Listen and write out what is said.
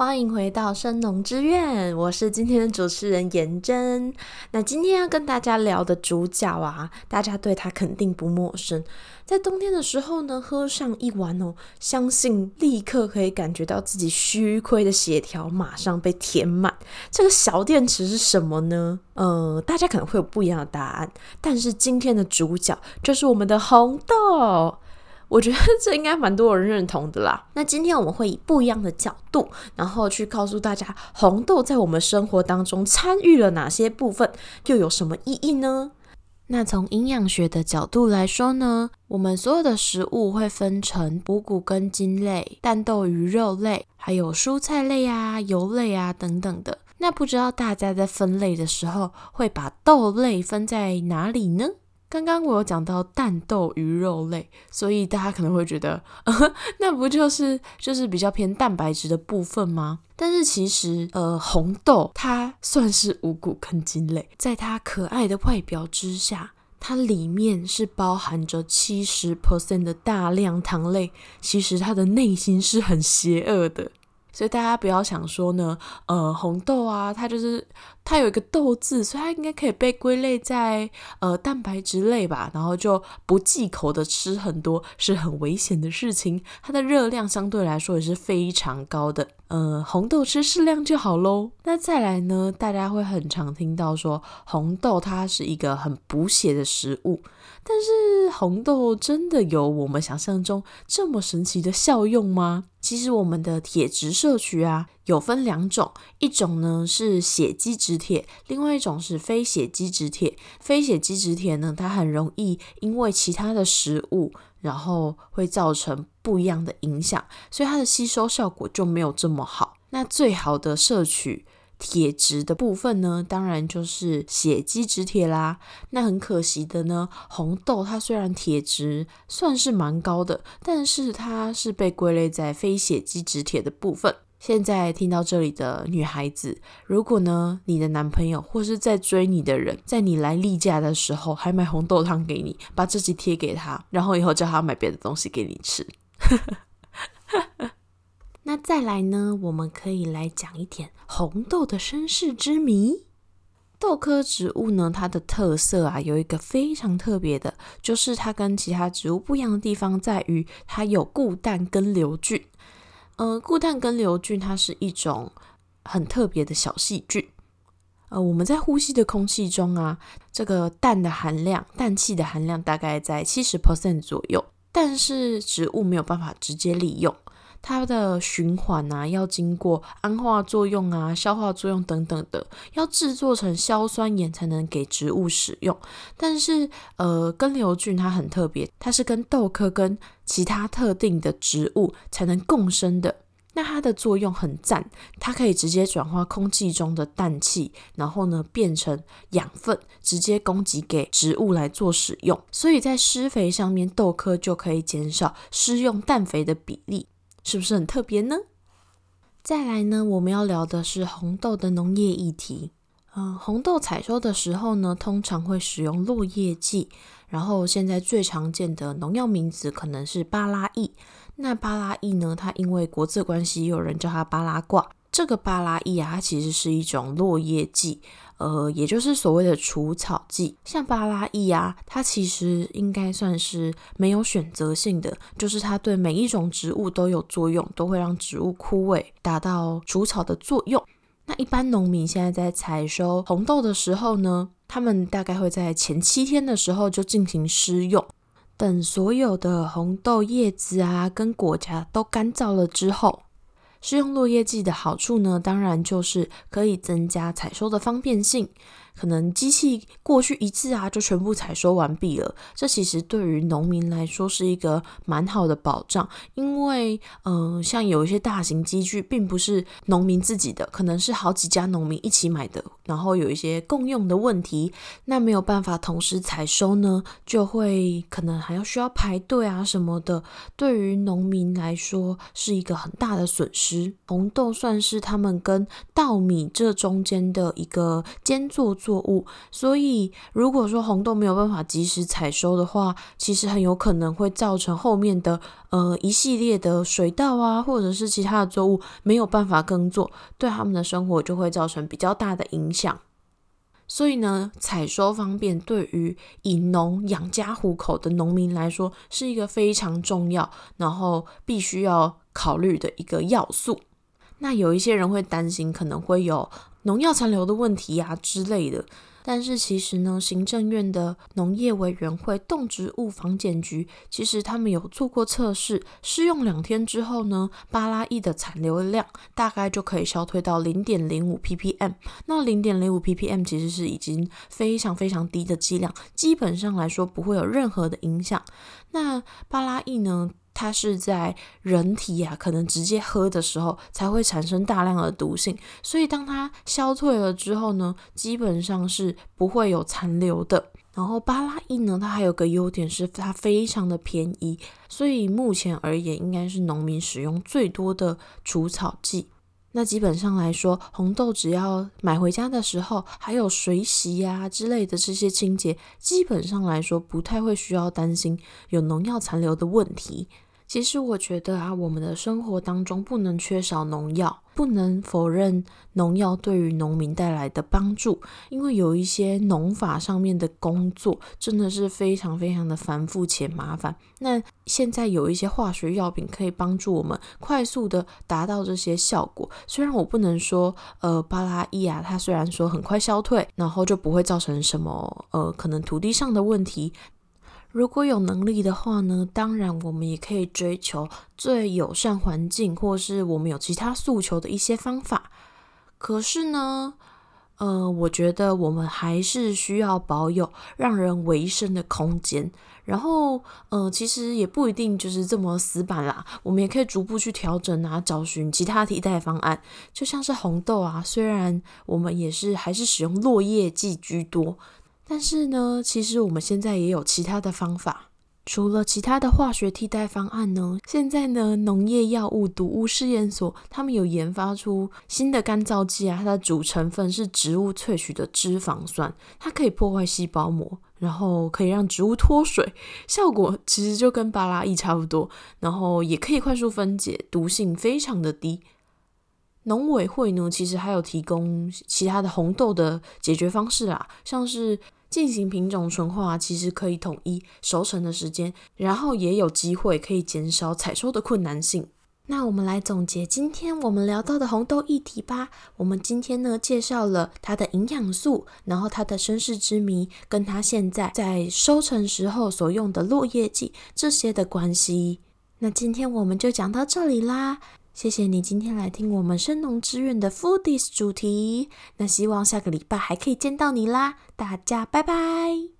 歡迎回到生農之願，我是今天的主持人妍真。那今天要跟大家聊的主角啊，大家對它肯定不陌生。在冬天的時候呢，喝上一碗哦，相信立刻可以感覺到自己虛虧的血條馬上被填滿。這個小電池是什麼呢？呃，大家可能會有不一樣的答案，但是今天的主角就是我們的紅豆。我覺得這應該蠻多人認同的啦。那今天我們會以不一樣的角度，然後去告訴大家紅豆在我們生活當中參與了哪些部分，又有什麼意義呢？那從營養學的角度來說呢，我們所有的食物會分成五穀根莖類、蛋豆魚肉類，還有蔬菜類啊、油類啊等等的。那不知道大家在分類的時候，會把豆類分在哪裡呢？剛剛我有講到蛋豆魚肉類，所以大家可能會覺得，呃，那不就是就是比較偏蛋白質的部分嗎？但是其實，呃，紅豆它算是五穀根莖類，在它可愛的外表之下，它裡面是包含着七十 percent 的大量糖類，其實它的內心是很邪惡的。所以大家不要想說呢，呃，紅豆啊，它就是它有一個豆字，所以它應該可以被歸類在呃蛋白質類吧，然後就不忌口的吃很多是很危險的事情。它的熱量相對來說也是非常高的，呃，紅豆吃適量就好嘍。那再來呢，大家會很常聽到說紅豆它是一個很補血的食物，但是紅豆真的有我們想象中這麼神奇的效用嗎？其實我們的鐵質攝取啊，有分兩種，一種呢是血基質鐵，另外一種是非血基質鐵。非血基質鐵呢，它很容易因為其他的食物，然後會造成不一樣的影響，所以它的吸收效果就沒有這麼好。那最好的攝取，鐵質的部分呢，當然就是血基質鐵啦。那很可惜的呢，紅豆它雖然鐵質算是蠻高的，但是它是被歸類在非血基質鐵的部分。現在聽到這裡的女孩子，如果呢你的男朋友或是在追你的人，在你來例假的時候還買紅豆湯給你，把自己貼給他，然後以後叫他買別的東西給你吃。 那再來呢？我們可以來講一點紅豆的身世之謎。豆科植物呢，它的特色啊，有一個非常特別的，就是它跟其他植物不一樣的地方在於，它有固氮根瘤菌。呃，固氮根瘤菌它是一種很特別的小細菌。呃，我們在呼吸的空氣中啊，這個氮的含量，氮氣的含量大概在七十 percent 左右，但是植物沒有辦法直接利用。它的循環啊，要經過氨化作用啊、消化作用等等的，要製作成硝酸鹽才能給植物使用。但是，呃，根瘤菌它很特別，它是跟豆科跟其他特定的植物才能共生的。那它的作用很讚，它可以直接轉化空氣中的氮氣，然後呢，變成養分，直接供給給植物來做使用。所以在施肥上面，豆科就可以減少施用氮肥的比例。是不是很特別呢？再來呢，我們要聊的是紅豆的農業議題。嗯，紅豆採收的時候呢，通常會使用落葉劑，然後現在最常見的農藥名字，可能是巴拉刈。那巴拉刈呢，它因為國字關係，有人叫它巴拉卦。這個巴拉刈啊，它其實是一種落葉劑，呃，也就是所謂的除草劑。像巴拉刈啊，它其實應該算是沒有選擇性的，就是它對每一種植物都有作用，都會讓植物枯萎，達到除草的作用。那一般農民現在在採收紅豆的時候呢，他們大概會在前七天的時候就進行施用，等所有的紅豆葉子啊跟果莢都乾燥了之後。使用落葉劑的好處呢，當然就是可以增加採收的方便性。可能機器過去一次啊，就全部採收完畢了。這其實對於農民來說是一個蠻好的保障，因為嗯、呃，像有一些大型機具，並不是農民自己的，可能是好幾家農民一起買的，然後有一些共用的問題，那沒有辦法同時採收呢，就會可能還要需要排隊啊什麼的，對於農民來說是一個很大的損失。紅豆算是他們跟稻米這中間的一個間作作物，所以如果說紅豆沒有辦法及時採收的話，其實很有可能會造成後面的呃一系列的水稻啊，或者是其他的作物沒有辦法耕作，對他們的生活就會造成比較大的影響。所以呢，採收方便對於以農養家糊口的農民來說是一個非常重要，然後必須要考慮的一個要素，那有一些人會擔心可能會有農藥殘留的問題呀、啊、之類的，但是其實呢，行政院的農業委員會動植物防檢局其實他們有做過測試，試用兩天之後呢，巴拉刈的殘留量大概就可以消退到零點零五 ppm。那零點零五 ppm 其實是已經非常非常低的劑量，基本上來說不會有任何的影響。那巴拉刈呢？它是在人體啊，可能直接喝的時候才會產生大量的毒性，所以當它消退了之後呢，基本上是不會有殘留的。然後巴拉刈呢，它還有個優點是它非常的便宜，所以目前而言，應該是農民使用最多的除草劑。那基本上來說，紅豆只要買回家的時候，還有水洗呀、啊、之類的這些清潔，基本上來說不太會需要擔心有農藥殘留的問題。其實我覺得啊，我們的生活當中不能缺少農藥，不能否認農藥對於農民帶來的幫助。因為有一些農法上面的工作真的是非常非常的繁複且麻煩。那現在有一些化學藥品可以幫助我們快速的達到這些效果。雖然我不能說，呃，巴拉刈啊，它雖然說很快消退，然後就不會造成什麼，呃，可能土地上的問題。如果有能力的話呢，當然我們也可以追求最友善環境，或是我們有其他訴求的一些方法。可是呢，呃，我覺得我們還是需要保有讓人維生的空間。然後，呃，其實也不一定就是這麼死板啦，我們也可以逐步去調整啊，找尋其他替代方案。就像是紅豆啊，雖然我們也是還是使用落葉劑居多。但是呢，其實我們現在也有其他的方法，除了其他的化學替代方案呢，現在呢，農業藥物毒物試驗所他們有研發出新的乾燥劑啊，它的主成分是植物萃取的脂肪酸，它可以破壞細胞膜，然後可以讓植物脫水，效果其實就跟巴拉刈差不多，然後也可以快速分解，毒性非常的低。農委會呢，其實還有提供其他的紅豆的解決方式啦，像是。進行品種純化，其實可以統一熟成的時間，然後也有機會可以減少採收的困難性。那我們來總結今天我們聊到的紅豆議題吧。我們今天呢，介紹了它的營養素，然後它的身世之謎，跟它現在在收成時候所用的落葉劑這些的關係。那今天我們就講到這裡啦。謝謝你今天來聽我們“生農志願”的 Foodies 主題。那希望下個禮拜還可以見到你啦！大家拜拜。